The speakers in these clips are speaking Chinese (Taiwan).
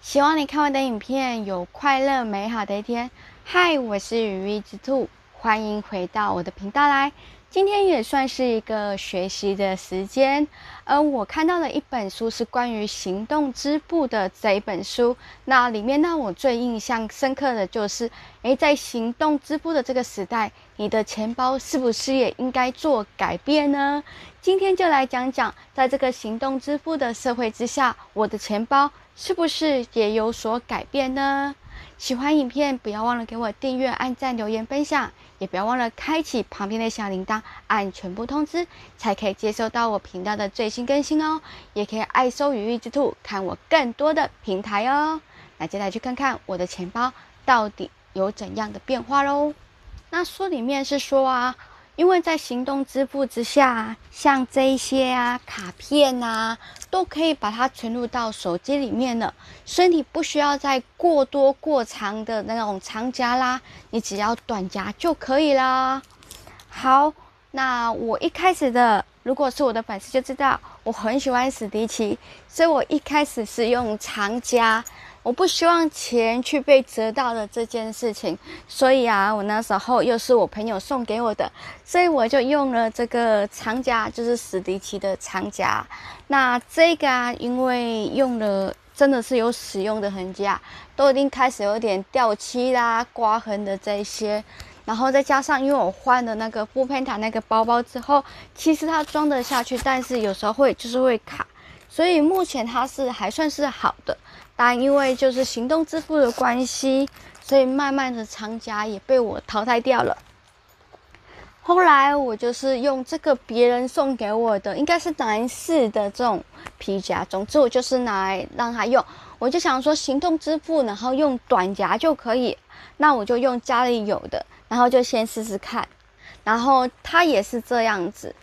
希望你看完的影片，有快樂美好的一天。嗨，我是羽翼之兔，歡迎回到我的頻道來。今天也算是一個學習的時間。而我看到了一本書，是關於行動支付的這一本書。那裡面讓我最印象深刻的就是，誒，在行動支付的這個時代，你的錢包是不是也應該做改變呢？今天就來講講，在這個行動支付的社會之下，我的錢包。是不是也有所改變呢？喜歡影片，不要忘了給我訂閱、按讚、留言、分享，也不要忘了開啟旁邊的小鈴鐺，按全部通知，才可以接收到我頻道的最新更新哦。也可以愛搜“羽翼之兔”，看我更多的平台哦。那接下來去看看我的錢包到底有怎樣的變化嘍。那書裡面是說啊，因為在行動支付之下，像這些啊，卡片啊。都可以把它存入到手機裡面了，所以你不需要再過多過長的那種長夾啦，你只要短夾就可以啦。好，那我一開始的，如果是我的粉絲就知道，我很喜歡史迪奇，所以我一開始是用長夾。我不希望錢去被折到的這件事情，所以啊，我那時候又是我朋友送給我的，所以我就用了這個長夾，就是史迪奇的長夾。那這個啊，因為用了，真的是有使用的痕跡啊，都已經開始有點掉漆啦、刮痕的這一些。然後再加上因為我換了那個布佩塔那個包包之後，其實它裝得下去，但是有時候會就是會卡。所以目前它是還算是好的，但因為就是行動支付的關係，所以慢慢的長夾也被我淘汰掉了。後來我就是用這個別人送給我的，應該是男士的這種皮夾，總之我就是拿來讓他用。我就想說行動支付，然後用短夾就可以，那我就用家裡有的，然後就先試試看。然後它也是這樣子，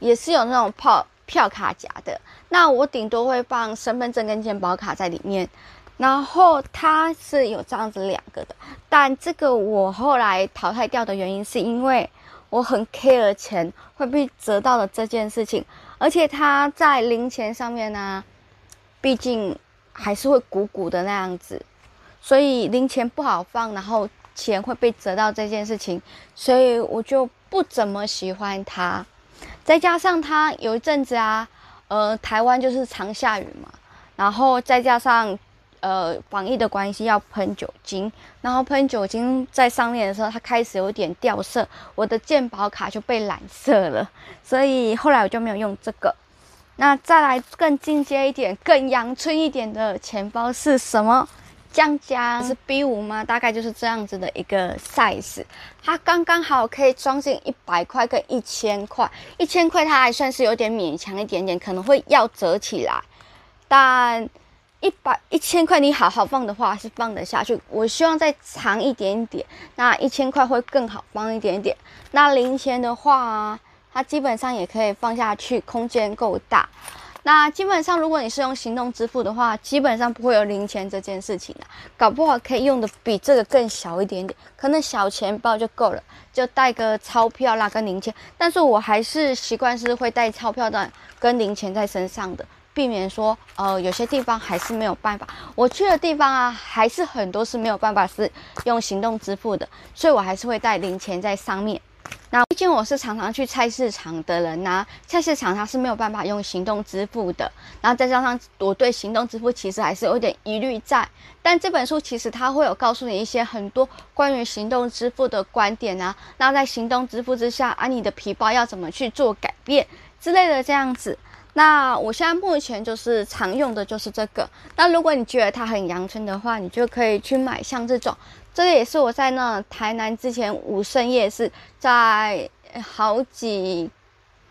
也是有那種泡。票卡夾的，那我頂多會放身份證跟健保卡在裡面，然後它是有這樣子兩個的，但這個我後來淘汰掉的原因是因為我很 care 錢會被折到的這件事情，而且它在零錢上面呢，畢竟還是會鼓鼓的那樣子，所以零錢不好放，然後錢會被折到這件事情，所以我就不怎麼喜歡它。再加上它有一陣子啊，呃，台灣就是常下雨嘛，然後再加上，呃，防疫的關係要噴酒精，然後噴酒精在上面的時候，它開始有點掉色，我的健保卡就被染色了，所以後來我就沒有用這個。那再來更進階一點、更洋氣一點的錢包是什麼？將將是 B 五嗎？大概就是這樣子的一個 size，它剛剛好可以裝進一百塊跟一千塊，一千塊它還算是有點勉強一點點，可能會要折起來。但一百一千塊你好好放的話是放得下去，我希望再長一點點，那一千塊會更好放一點點。那零錢的話，它基本上也可以放下去，空間夠大。那基本上，如果你是用行動支付的話，基本上不會有零錢這件事情的啊。搞不好可以用的比這個更小一點點，可能小錢包就夠了，就帶個鈔票啦跟零錢。但是我還是習慣是會帶鈔票的跟零錢在身上的，避免說呃有些地方還是沒有辦法。我去的地方啊，還是很多是沒有辦法是用行動支付的，所以我還是會帶零錢在上面。那畢竟我是常常去菜市場的人吶、啊，菜市場它是沒有辦法用行動支付的。然後再加上我對行動支付其實還是有點疑慮在，但這本書其實它會有告訴你一些很多關於行動支付的觀點啊。那在行動支付之下，啊，你的皮包要怎麼去做改變之類的這樣子。那我現在目前就是常用的就是這個。那如果你覺得它很陽春的話，你就可以去買，像這種，這個也是我在那台南之前武聖夜市，在好幾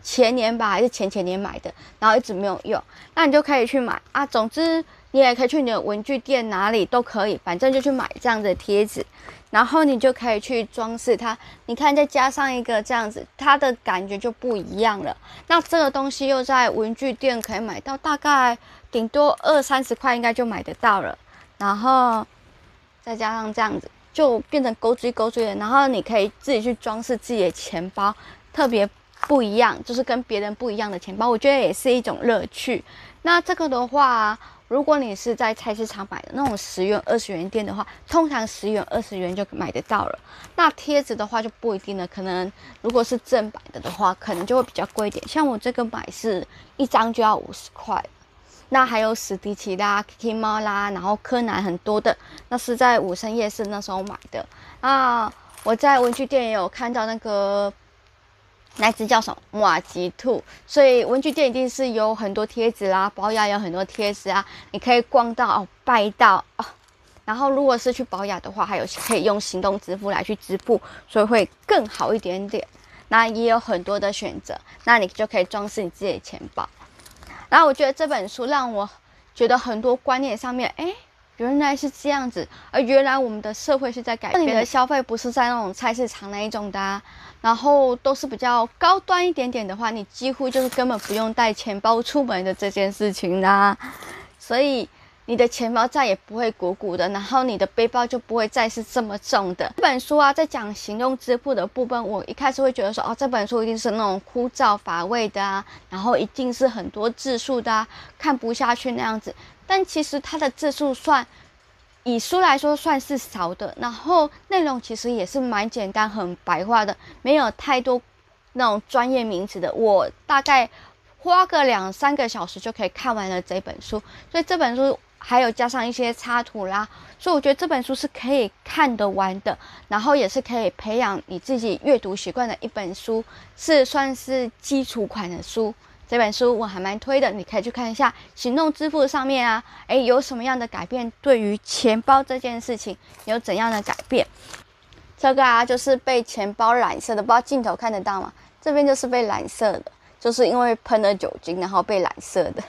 前年吧，還是前前年買的，然後一直沒有用。那你就可以去買啊。總之。你也可以去你的文具店，哪裡都可以，反正就去買這樣的貼紙，然後你就可以去裝飾它。你看，再加上一個這樣子，它的感覺就不一樣了。那這個東西又在文具店可以買到，大概頂多二三十塊，應該就買得到了。然後再加上這樣子，就變成鈎墜鈎墜的。然後你可以自己去裝飾自己的錢包，特別不一樣，就是跟別人不一樣的錢包，我覺得也是一種樂趣。那這個的話啊。如果你是在菜市場買的那種十元、二十元店的話，通常十元、二十元就買得到了。那貼紙的話就不一定了，可能如果是正版的的話，可能就會比較貴一點。像我這個買是一張就要五十塊。那還有史迪奇啦、Kitty 貓啦，然後柯南很多的，那是在武聖夜市那時候買的。啊，我在文具店也有看到那個。那隻叫什麼莫吉兔，所以文具店一定是有很多貼紙啦，寶雅也有很多貼紙啊，你可以逛到、哦，拜到哦。然後如果是去寶雅的話，還有可以用行動支付來去支付，所以會更好一點點。那也有很多的選擇，那你就可以裝飾你自己的錢包。然後我覺得這本書讓我覺得很多觀念上面，哎、欸，原來是這樣子，而原來我們的社會是在改變。你的消費不是在那種菜市場那一種的、啊。然後都是比較高端一點點的話，你幾乎就是根本不用帶錢包出門的這件事情啦、啊，所以你的錢包再也不會鼓鼓的，然後你的背包就不會再是這麼重的。這本書啊，在講行動支付的部分，我一開始會覺得說，哦，這本書一定是那種枯燥乏味的啊，然後一定是很多字數的啊，看不下去那樣子。但其實它的字數算。以書來說算是少的，然後內容其實也是蠻簡單、很白話的，沒有太多那種專業名詞的。我大概花個兩三個小時就可以看完了這本書，所以這本書還有加上一些插圖啦，所以我覺得這本書是可以看得完的，然後也是可以培養你自己閱讀習慣的一本書，是算是基礎款的書。這本書我還蠻推的，你可以去看一下。行動支付上面啊，誒，有什麼樣的改變？對於錢包這件事情，有怎樣的改變？這個啊，就是被錢包染色的，不知道鏡頭看得到嗎？這邊就是被染色的，就是因為噴了酒精，然後被染色的。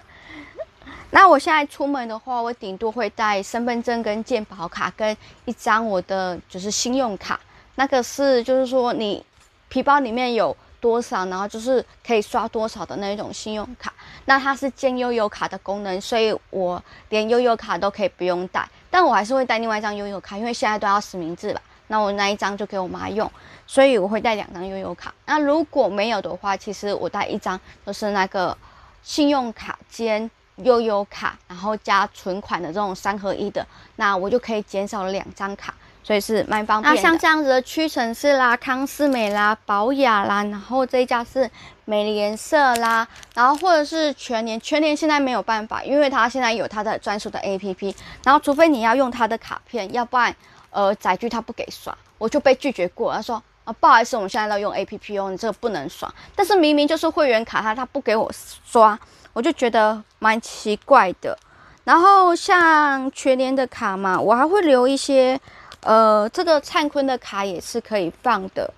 那我現在出門的話，我頂多會帶身份證、跟健保卡、跟一張我的就是信用卡。那個是就是說你皮包裡面有多少，然後就是可以刷多少的那種信用卡，那它是兼悠遊卡的功能，所以我連悠遊卡都可以不用帶，但我還是會帶另外一張悠遊卡，因為現在都要實名制吧。那我那一張就給我媽用，所以我會帶兩張悠遊卡。那如果沒有的話，其實我帶一張就是那個信用卡兼悠遊卡，然後加存款的這種三合一的，那我就可以減少了兩張卡。所以是蠻方便的。那、啊、像這樣子的屈臣氏啦、康是美啦、寶雅啦，然後這一家是美廉社啦，然後或者是全聯。全聯現在沒有辦法，因為它現在有它的專屬的 APP，然後除非你要用它的卡片，要不然呃載具它不給刷，我就被拒絕過，他說啊不好意思，我們現在要用 APP 哦，你這個不能刷。但是明明就是會員卡它，他他不給我刷，我就覺得蠻奇怪的。然後像全聯的卡嘛，我還會留一些。呃，這個燦坤的卡也是可以放的，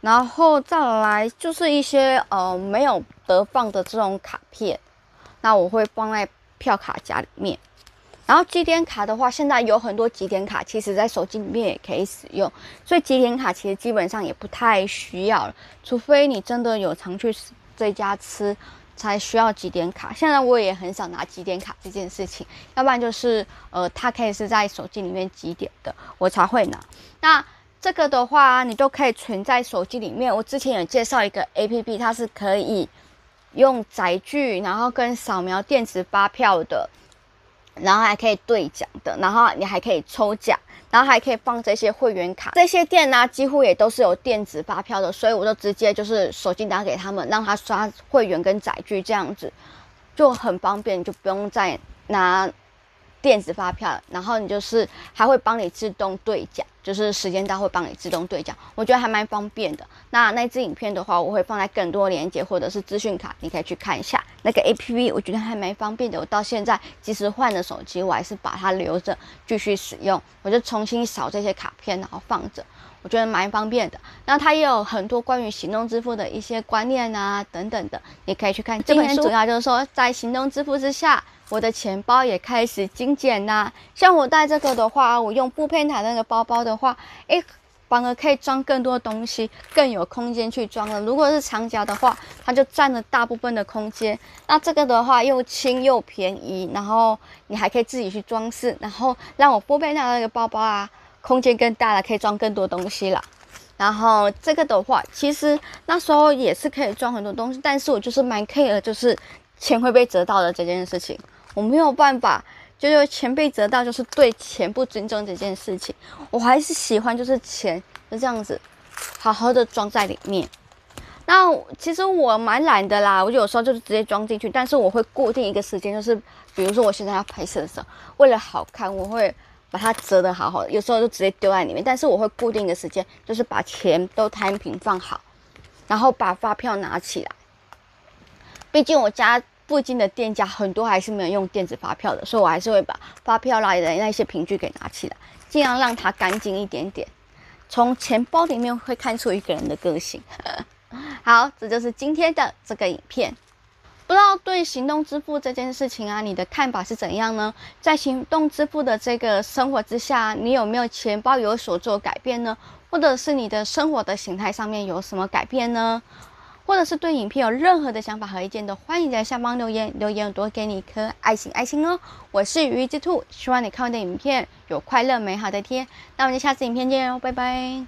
然後再來就是一些呃沒有得放的這種卡片，那我會放在票卡夾裡面。然後集點卡的話，現在有很多集點卡，其實在手機裡面也可以使用，所以集點卡其實基本上也不太需要了，除非你真的有常去這家吃。才需要集點卡，現在我也很少拿集點卡這件事情，要不然就是呃，它可以是在手機裡面集點的，我才會拿。那這個的話，你都可以存在手機裡面。我之前有介紹一個 APP，它是可以用載具，然後跟掃描電子發票的。然後還可以兌獎的，然後你還可以抽獎，然後還可以放這些會員卡。這些店呢、啊，幾乎也都是有電子發票的，所以我就直接就是手機拿給他們，讓他刷會員跟載具這樣子，就很方便，就不用再拿。電子發票，然後你就是還會幫你自動對獎，就是時間到會幫你自動對獎，我覺得還蠻方便的。那那支影片的話，我會放在更多連結或者是資訊卡，你可以去看一下那個 APP，我覺得還蠻方便的。我到現在即使換了手機，我還是把它留着繼續使用，我就重新掃這些卡片，然後放着。我覺得蠻方便的，那它也有很多關於行動支付的一些觀念啊，等等的，你可以去看。這本書主要就是說，在行動支付之下，我的錢包也開始精簡啦。像我帶這個的話，我用布片台的那個包包的話，哎、欸，反而可以裝更多東西，更有空間去裝了。如果是長夾的話，它就佔了大部分的空間。那這個的話又輕又便宜，然後你還可以自己去裝飾，然後讓我布片台那個包包啊。空間更大了，可以裝更多東西了。然後這個的話，其實那時候也是可以裝很多東西，但是我就是蠻 care，就是錢會被折到的這件事情，我沒有辦法，就是錢被折到，就是對錢不尊重這件事情，我還是喜歡就是錢就這樣子，好好的裝在裡面。那其實我蠻懶的啦，我有時候就是直接裝進去，但是我會固定一個時間，就是比如說我現在要拍攝的時候，為了好看，我會。把它折得好好的，有時候就直接丟在裡面。但是我會固定的時間，就是把錢都攤平放好，然後把發票拿起來。畢竟我家附近的店家很多還是沒有用電子發票的，所以我還是會把發票來的那些憑據給拿起來，盡量讓它乾淨一點點。從錢包裡面會看出一個人的個性。 好，這就是今天的這個影片。不知道對行動支付這件事情啊，你的看法是怎樣呢？在行動支付的這個生活之下，你有沒有錢包有所做改變呢？或者是你的生活的形態上面有什麼改變呢？或者是對影片有任何的想法和意見的，都歡迎在下方留言，留言多給你一顆愛心，愛心哦。我是羽翼之兔，希望你看我的影片有快樂美好的一天。那我們就下次影片見嘍，哦，拜拜。